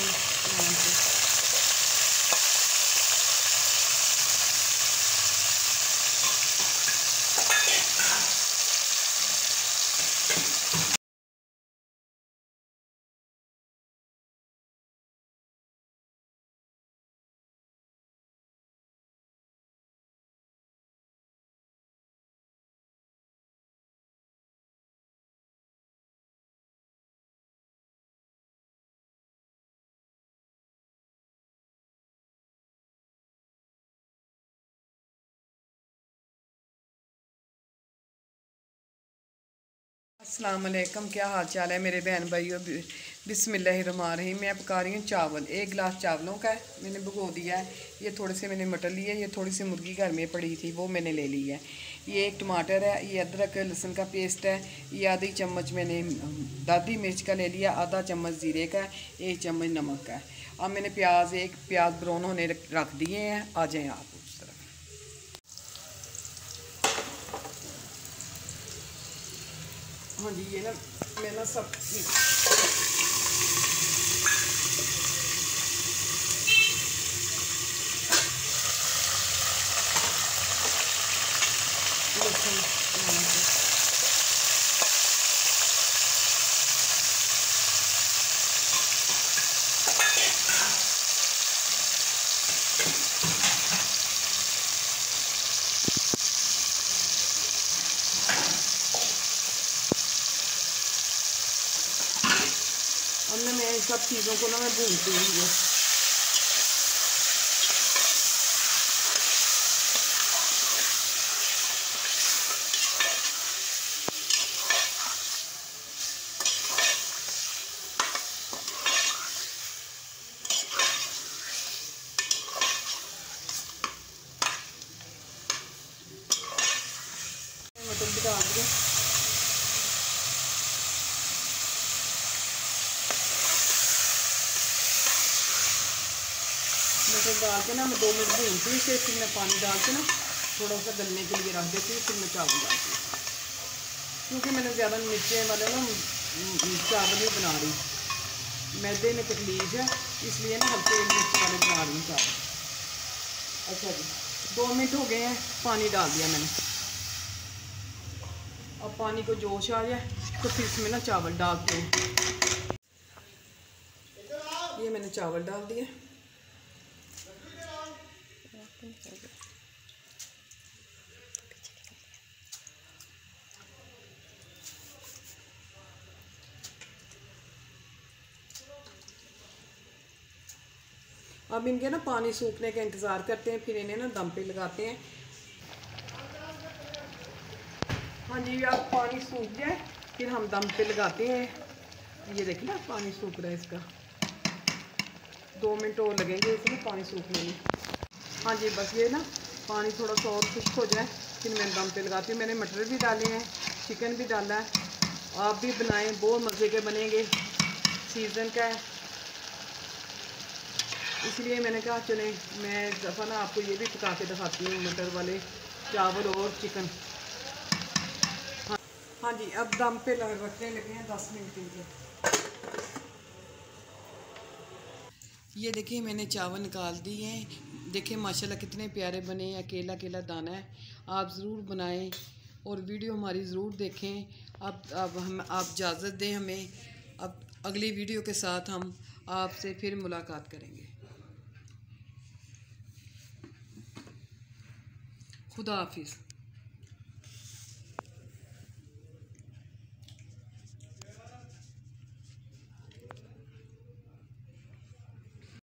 Thank you. असलकम क्या हाल चाल है मेरे बहन भाई और भाइयों रही मैं पका रही हूँ चावल एक गिलास चावलों का है मैंने भगो दिया है ये थोड़े से मैंने मटर लिए ये थोड़ी सी मुर्गी घर में पड़ी थी वो मैंने ले ली है ये एक टमाटर है ये अदरक लहसुन का पेस्ट है ये आधी चम्मच मैंने दादी मिर्च का ले लिया आधा चम्मच ज़ीरे का एक चम्मच नमक का है अब मैंने प्याज एक प्याज ब्राउन होने रख दिए हैं आ जाएँ आप हाँ जी ये ना मैं ना सब में मैं सब चीज़ों को ना मैं भूलती हूँ मटर डाल के ना मैं दो मिनट भूनती हूँ फिर मैं पानी डाल के ना थोड़ा सा गलने के लिए रख देती हूँ फिर मैं चावल डालती हूँ क्योंकि मैंने ज़्यादा मिर्चें वाले ना चावल ही बना रही मैदे में तकलीफ है इसलिए ना हल्के मिर्च वाले बना रही हूँ चावल अच्छा जी दो मिनट हो गए हैं पानी डाल दिया मैंने अब पानी को जोश आ जाए तो फिर इसमें ना चावल डालते हैं ये मैंने चावल डाल दिए हो गया अब इनके ना पानी सूखने का इंतज़ार करते हैं फिर इन्हें ना दम पे लगाते हैं हाँ जी अब पानी सूख जाए फिर हम दम पे लगाते हैं ये देखिए ना पानी सूख रहा है इसका दो मिनट और लगेंगे इसमें पानी सूखने में हाँ जी बस ये ना पानी थोड़ा सा और खुश्क हो जाए फिर मैं दम पे लगाती हूँ मैंने मटर भी डाले हैं चिकन भी डाला है आप भी बनाएं बहुत मज़े के बनेंगे सीज़न का है इसलिए मैंने कहा चले मैं दफ़ा ना आपको ये भी पका के दिखाती हूँ मटर वाले चावल और चिकन हाँ हाँ जी अब दम पे रखने लगे हैं दस मिनट के लिए ये देखिए मैंने चावल निकाल दिए हैं देखिए माशाल्लाह कितने प्यारे बने हैं अकेला अकेला दाना है आप ज़रूर बनाएं और वीडियो हमारी ज़रूर देखें अब अब हम आप इजाज़त दें हमें अब अगली वीडियो के साथ हम आपसे फिर मुलाकात करेंगे खुदा हाफिज़